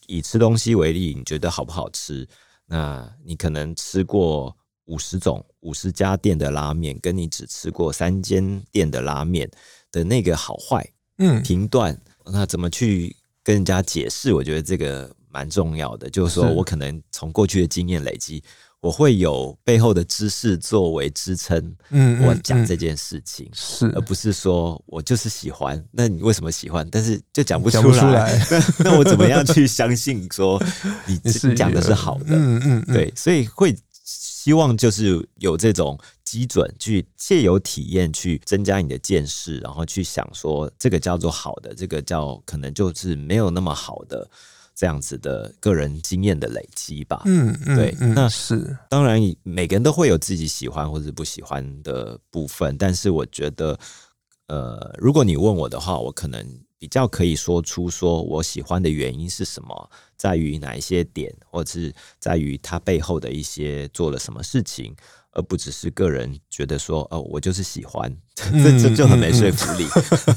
以吃東西為例，你覺得好不好吃？那你可能吃過五十種、五十家店的拉麵，跟你只吃過三間店的拉麵的那個好壞，嗯，評斷，那怎麼去跟人家解釋？我覺得這個蠻重要的，就是說我可能從過去的經驗累積。我會有背後的知識作為支撐，嗯，我講這件事情是，而不是說我就是喜歡。那你為什麼喜歡？但是就講不出來。那 那我怎麼樣去相信你說你講的是好的？嗯嗯，對，所以會希望就是有這種基準，去借由體驗去增加你的見識，然後去想說這個叫做好的，這個叫可能就是沒有那麼好的。這樣子的個人經驗的累積吧，嗯，嗯，對，那是當然，每個人都會有自己喜歡或者不喜歡的部分，但是我覺得，呃，如果你問我的話，我可能比較可以說出說我喜歡的原因是什麼，在於哪一些點，或者在於它背後的一些做了什麼事情，而不只是個人覺得說，哦、呃，我就是喜歡，這、嗯、 這就很沒說服力、嗯，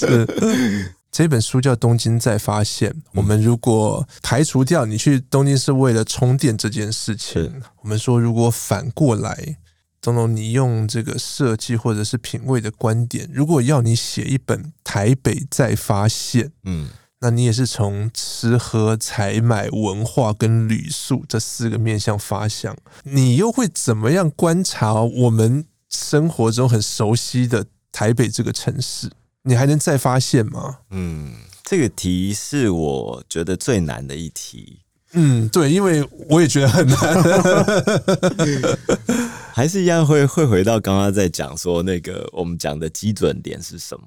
嗯嗯、 是。這本書叫《東京再發現》。嗯、我們如果排除掉你去東京是為了充電這件事情，是，我們說如果反過來，東東，你用這個設計或者是品味的觀點，如果要你寫一本《台北再發現》，嗯，那你也是從吃喝、採買、文化跟旅宿這四個面向發想，你又會怎麼樣觀察我們生活中很熟悉的台北這個城市？你還能再發現嗎？嗯，這個題是我覺得最難的一題。嗯，對，因為我也覺得很難。 還是一樣會，會會回到剛剛在講說那個我們講的基準點是什麼。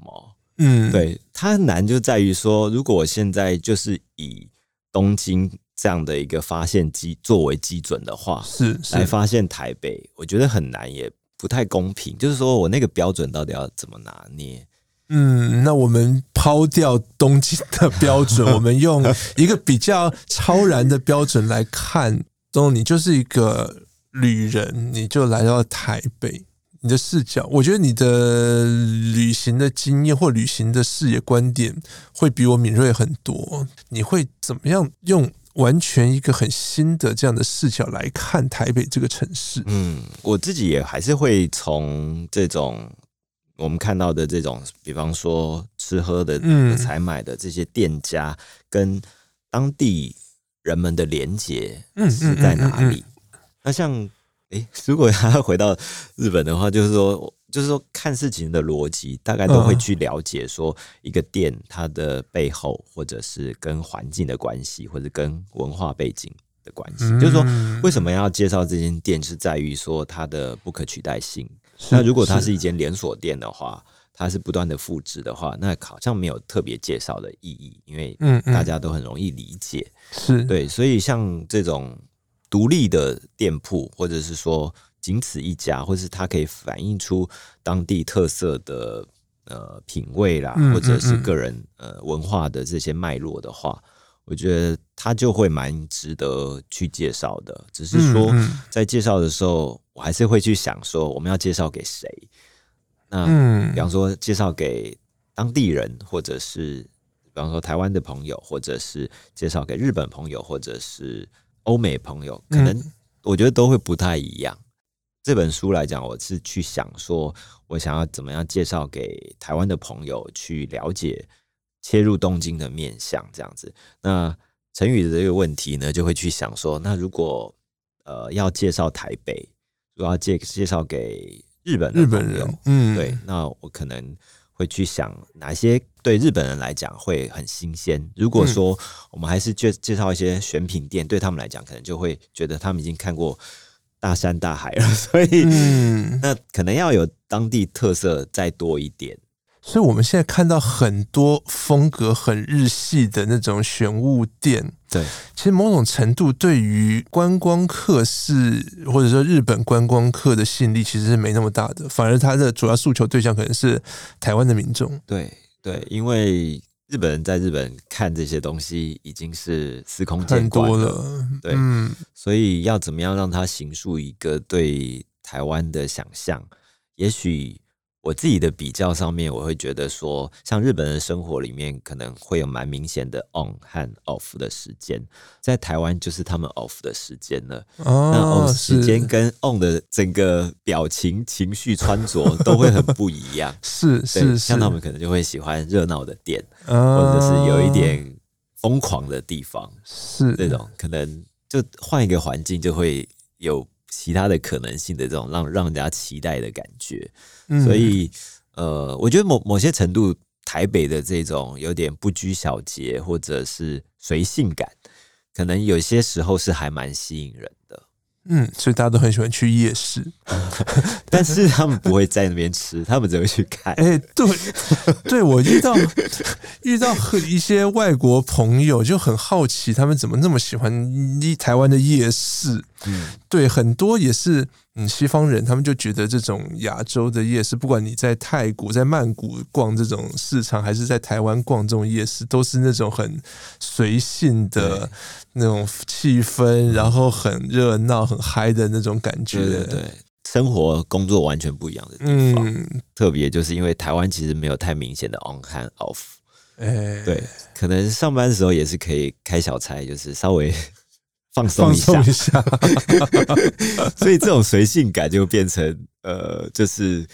嗯，對，它很難就在於說，如果我現在就是以東京這樣的一個發現基作為基準的話，是，是來發現台北，我覺得很難，也不太公平。就是說我那個標準到底要怎麼拿捏？嗯，那我們拋掉東京的標準， 我們用一個比較超然的標準來看，東，你就是一個旅人，你就來到台北，你的視角，我覺得你的旅行的經驗或旅行的視野觀點會比我敏銳很多。你會怎麼樣用完全一個很新的這樣的視角來看台北這個城市？嗯，我自己也還是會從這種。我們看到的這種，比方說吃喝的、嗯、採買的這些店家，跟當地人們的連接是在哪裡？嗯嗯嗯嗯、那像，誒、欸，如果要回到日本的話，就是說，就是說，看事情的邏輯，大概都會去了解，說一個店它的背後，或者是跟環境的關係，或者是跟文化背景的關係。嗯、就是說，為什麼要介紹這間店，是在於說它的不可取代性。那如果它是一間連鎖店的話，是，是的。它是不斷的複製的話，那好像沒有特別介紹的意義，因為大家都很容易理解，嗯嗯，是。對。所以像這種獨立的店鋪，或者是說僅此一家，或是它可以反映出當地特色的呃品味啦，嗯嗯嗯。或者是個人呃文化的這些脈絡的話，我覺得它就會蠻值得去介紹的。只是說，嗯嗯。在介紹的時候。我還是會去想說，我們要介紹給誰？那，比方說介紹給當地人，或者是比方說台灣的朋友，或者是介紹給日本朋友，或者是歐美朋友，可能我覺得都會不太一樣。嗯、這本書來講，我是去想說，我想要怎麼樣介紹給台灣的朋友去了解、切入東京的面向這樣子。那承宇的這個問題呢，就會去想說，那如果呃要介紹台北。主要介介紹給日本日本人，嗯，對，那我可能會去想哪些對日本人來講會很新鮮。如果說我們還是介介紹一些選品店，嗯，對他們來講可能就會覺得他們已經看過大山大海了，所以，嗯，那可能要有當地特色再多一點。所以我們現在看到很多風格很日系的那種選物店，對，其實某種程度對於觀光客是或者說日本觀光客的吸引力其實是沒那麼大的，反而他的主要訴求對象可能是台灣的民眾，對對，因為日本人在日本看這些東西已經是司空見慣了，對，嗯，所以要怎麼樣讓他形塑一個對台灣的想象，也許。我自己的比較上面，我會覺得說，像日本人的生活裡面可能會有蠻明顯的 on 和 off 的時間，在台灣就是他們 off 的時間了。哦、那 off 時間跟 on 的整個表情、的情緒、穿着都會很不一樣。是是，像他們可能就會喜歡熱鬧的店，啊、或者是有一點瘋狂的地方，是那種可能就換一個環境就會有。其他的可能性的這種讓讓人家期待的感覺，嗯、所以呃，我覺得某某些程度台北的這種有點不拘小節或者是隨性感，可能有些時候是還蠻吸引人的。嗯，所以大家都很喜歡去夜市，嗯、但是他們不會在那邊吃， 他們只會去看。哎、欸，對，對，我遇到遇到很一些外國朋友就很好奇，他們怎麼那麼喜歡一台灣的夜市。嗯，對，很多也是嗯，西方人他們就覺得這種亞洲的夜市，不管你在泰國、在曼谷逛這種市場，還是在台灣逛這種夜市，都是那種很隨性的那種氣氛，嗯、然後很熱鬧、很嗨的那種感覺。對，對對，生活工作完全不一樣的地方，嗯、特別就是因為台灣其實沒有太明顯的 on and off。哎，對，可能上班的時候也是可以開小差，就是稍微。放鬆一下， 所以這種隨性感就變成呃，就是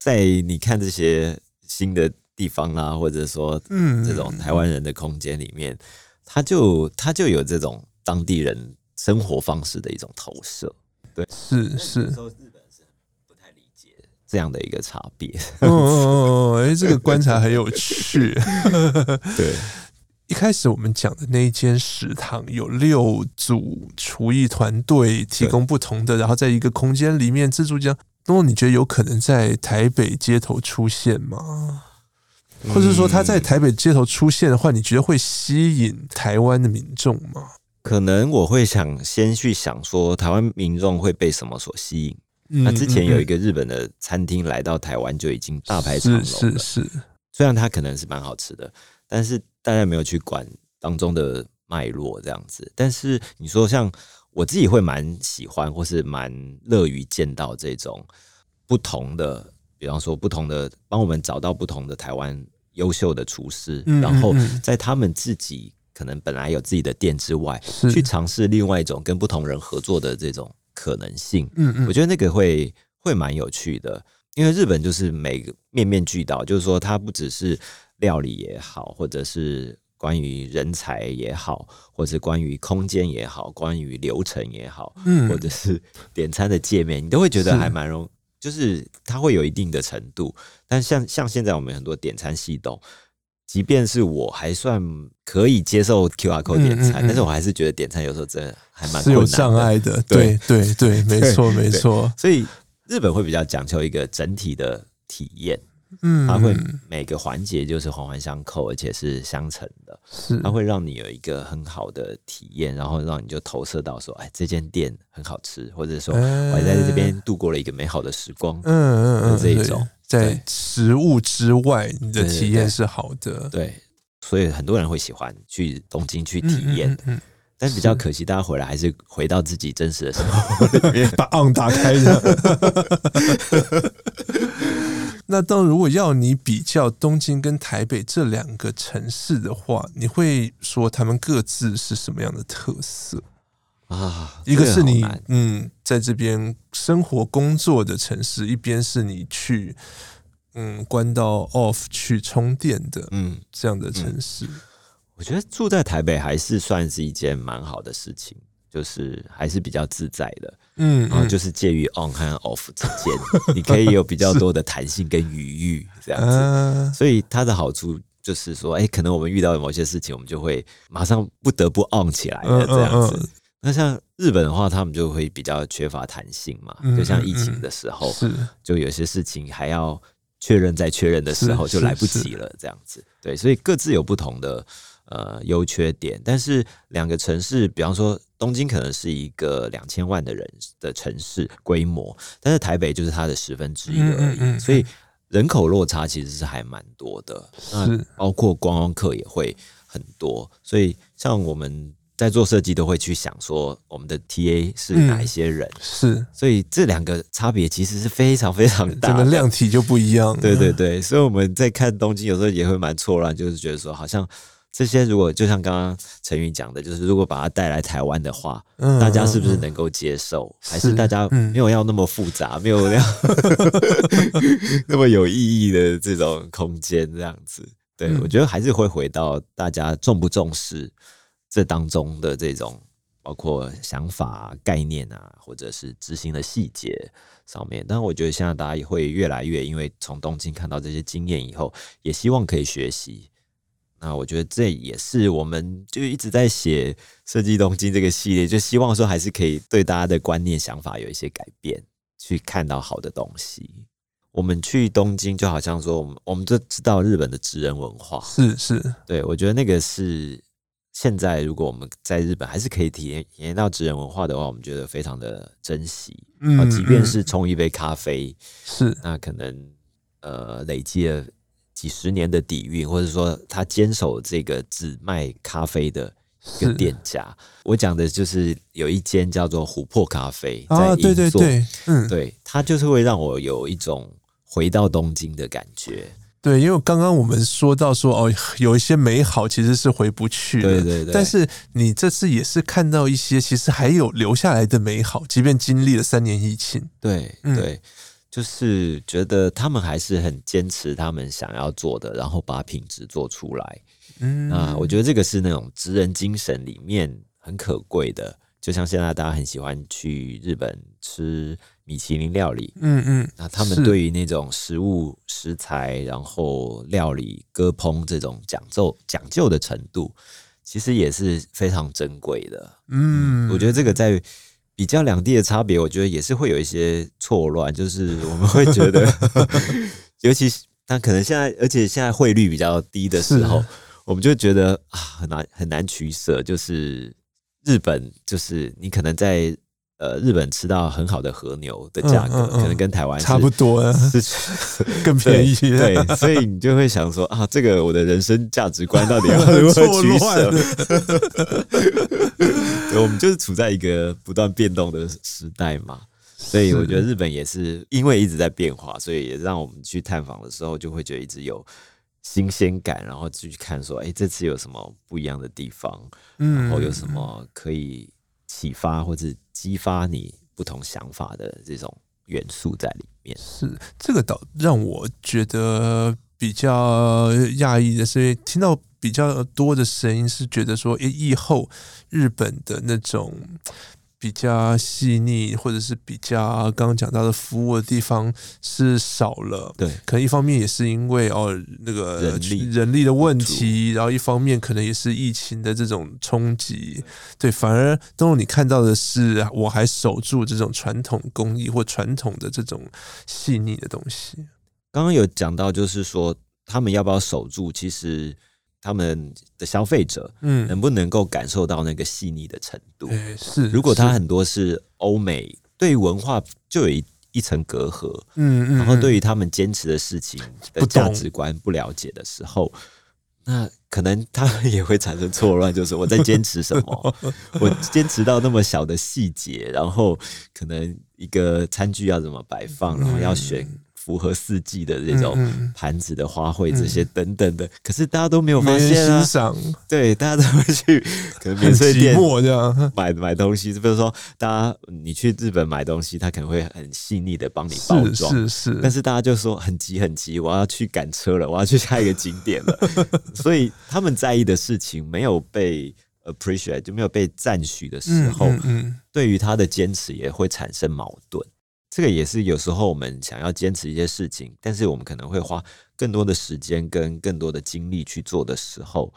在你看這些新的地方啊，或者說嗯，這種台灣人的空間裡面，他、嗯、就他就有這種當地人生活方式的一種投射，對，是是。所以日本人是不太理解這樣的一個差別，哦，哦哦哦，哎、欸，這個觀察很有趣，對，對，對，對， 對。一開始我們講的那一間食堂，有六組廚藝團隊提供不同的，對然後在一個空間裡面自助餐。那麼你覺得有可能在台北街頭出現嗎？嗯、或是說他在台北街頭出現的話，你覺得會吸引台灣的民眾嗎？可能我會想先去想說，台灣民眾會被什麼所吸引？嗯、那之前有一個日本的餐廳來到台灣就已經大排長龍了，是、是、是，雖然他可能是蠻好吃的，但是。大家沒有去管當中的脈絡這樣子，但是你說像我自己會蠻喜歡或是蠻樂於見到這種不同的，比方說不同的，幫我們找到不同的台灣優秀的廚師，嗯嗯嗯，然後在他們自己可能本來有自己的店之外，是去嘗試另外一種跟不同人合作的這種可能性。嗯嗯，我覺得那個會會蠻有趣的，因為日本就是每個面面俱到，就是說它不只是。料理也好，或者是關於人才也好，或者是關於空間也好，關於流程也好，嗯，或者是點餐的界面，你都會覺得還蠻容，是就是它會有一定的程度。但像像現在我們很多點餐系統，即便是我還算可以接受 QR code 點餐，嗯嗯嗯，但是我還是覺得點餐有時候真的還蠻是有障礙的。對對對，沒錯沒錯。所以日本會比較講究一個整體的體驗。嗯，它會每個環節就是環環相扣，而且是相成的。是它會讓你有一個很好的體驗，是然後讓你就投射到說，哎，這間店很好吃，或者說，我還在這邊度過了一個美好的時光。嗯嗯嗯，這一種、嗯、在食物之外，對你的體驗是好的對對對。對，所以很多人會喜歡去東京去體驗。嗯嗯嗯但比較可惜，大家回來還是回到自己真實的生活裡面。 把 on 打開這樣。那當如果要你比較東京跟台北這兩個城市的話，你會說他們各自是什麼樣的特色啊？一個是你嗯，在這邊生活工作的城市，一邊是你去嗯關到 off 去充電的，嗯，這樣的城市。嗯嗯。我覺得住在台北還是算是一件蠻好的事情，就是還是比較自在的，嗯，嗯然後就是介於 on 和 off 之間， 你可以有比較多的彈性跟餘裕是這樣子，所以它的好處就是說，哎、欸，可能我們遇到某些事情，我們就會馬上不得不 on 起來的、嗯、這樣子。嗯嗯、那像日本的話，他們就會比較缺乏彈性嘛，就像疫情的時候，嗯嗯、就有些事情還要確認再確認的時候就來不及了這樣子。對，所以各自有不同的。呃，優缺點，但是兩個城市，比方說東京可能是一個兩千萬的人的城市規模，但是台北就是它的十分之一而已，嗯嗯嗯、所以人口落差其實是還蠻多的。是，那包括觀光客也會很多，是所以像我們在做設計都會去想說，我們的 TA 是哪一些人？嗯、是，所以這兩個差別其實是非常非常大的，量體就不一樣。對對對，所以我們在看東京有時候也會蠻錯亂，就是覺得說好像。這些如果就像剛剛承宇講的，就是如果把它帶來台灣的話，嗯嗯，大家是不是能夠接受？是，還是大家沒有要那麼複雜，嗯、沒有要 那麼有意義的這種空間這樣子？對、嗯、我覺得還是會回到大家重不重視這當中的這種，包括想法概念啊，或者是執行的細節上面。但我覺得現在大家也會越來越，因為從東京看到這些經驗以後，也希望可以學習。那我覺得這也是我們就一直在寫《設計東京》這個系列，就希望說還是可以對大家的觀念、想法有一些改變，去看到好的東西。我們去東京就好像說我，我們我們都知道日本的職人文化，是是，是，對，我覺得那個是現在如果我們在日本還是可以體驗體驗到職人文化的話，我們覺得非常的珍惜。嗯，嗯，即便是沖一杯咖啡，是那可能呃累積了。幾十年的底蘊，或者說他堅守這個只賣咖啡的一個店家，是我講的就是有一間叫做琥珀咖啡在銀座。啊，對對對，嗯，對，它就是會讓我有一種回到東京的感覺。對，因為剛剛我們說到說哦，有一些美好其實是回不去的，對對對。但是你這次也是看到一些，其實還有留下來的美好，即便經歷了三年疫情，對對。嗯對就是覺得他們還是很堅持他們想要做的，然後把品質做出來。嗯啊，那我覺得這個是那種職人精神裡面很可貴的。就像現在大家很喜歡去日本吃米其林料理，嗯嗯，嗯那他們對於那種食物食材，然後料理、割烹這種講究、講究的程度，其實也是非常珍貴的。嗯，我覺得這個在。比較兩地的差別，我覺得也是會有一些錯亂，就是我們會覺得， 尤其是當可能現在，而且現在匯率比較低的時候，是我們就覺得啊，很難很難取捨。就是日本，就是你可能在呃日本吃到很好的和牛的價格，嗯嗯嗯、可能跟台灣差不多，是更便宜 對。對，所以你就會想說啊，這個我的人生價值觀到底要如何取捨？ 對，我們就是處在一個不斷變動的時代嘛，是所以我覺得日本也是因為一直在變化，所以也讓我們去探訪的時候就會覺得一直有新鮮感，然後繼續看說，哎、欸，這次有什麼不一樣的地方，嗯、然後有什麼可以啟發或者激發你不同想法的這種元素在裡面。是這個倒讓我覺得比較訝異的是聽到。比較多的聲音是覺得說，誒，疫後，日本的那種比較細膩或者是比較剛剛講到的服務的地方是少了。對，可能一方面也是因為哦那個人力人力的問題，然後一方面可能也是疫情的這種衝擊。對，反而東龍你看到的是，我還守住這種傳統工藝或傳統的這種細膩的東西。剛剛有講到，就是說他們要不要守住，其實。他們的消費者，嗯，能不能夠感受到那個細膩的程度、嗯欸？是，是如果他很多是歐美，對於文化就有一一層隔閡、嗯，嗯嗯，然後對於他們堅持的事情的價值觀不了解的時候，懂那可能他也會產生錯亂， 就是我在堅持什麼？ 我堅持到那麼小的細節，然後可能一個餐具要怎麼擺放，然後要選。符合四季的這種盤子的花卉這些等等的，嗯嗯，可是大家都沒有發現啊，對，大家都會去可能免稅店這樣買買東西。比如說，大家你去日本買東西，他可能會很細膩的幫你包裝，是是是。但是大家就說很急很急，我要去趕車了，我要去下一個景點了。 所以他們在意的事情沒有被 appreciate，就沒有被讚許的時候，嗯嗯嗯。對於他的堅持也會產生矛盾。這個也是有時候我們想要堅持一些事情，但是我們可能會花更多的時間跟更多的精力去做的時候，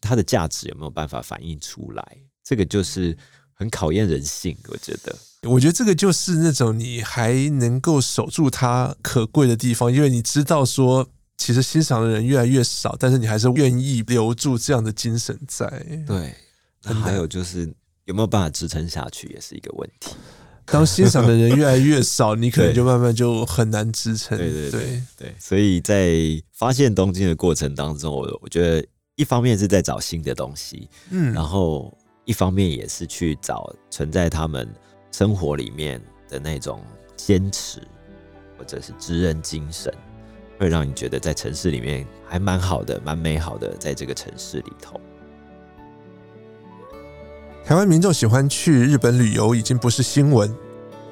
它的價值有沒有辦法反映出來？這個就是很考驗人性。我覺得，我覺得這個就是那種你還能夠守住它可貴的地方，因為你知道說，其實欣賞的人越來越少，但是你還是願意留住這樣的精神在。對，真的？那還有就是有沒有辦法支撐下去，也是一個問題。當欣賞的人越來越少， 你可能就慢慢就很難支撐。對對對對，對對，所以在發現東京的過程當中，我我覺得一方面是在找新的東西，嗯，然後一方面也是去找存在他們生活裡面的那種堅持或者是職人精神，會讓你覺得在城市裡面還蠻好的，蠻美好的，在這個城市裡頭。台灣民眾喜歡去日本旅遊已經不是新聞。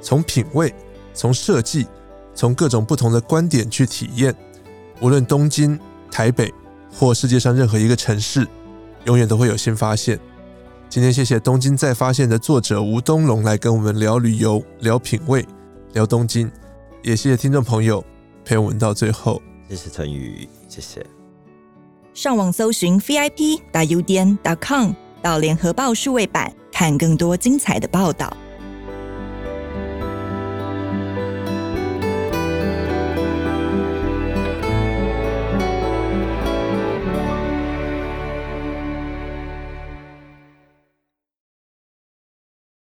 從品味，從設計，從各種不同的觀點去體驗，無論東京、台北或世界上任何一個城市，永遠都會有新發現。今天謝謝《東京再發現》的作者吳東龍來跟我們聊旅遊、聊品味、聊東京，也謝謝聽眾朋友陪我們到最後。謝謝承宇，謝謝。上網搜尋 VIP 打 UDN 點 COM。到《聯合報》數位版看更多精彩的報道。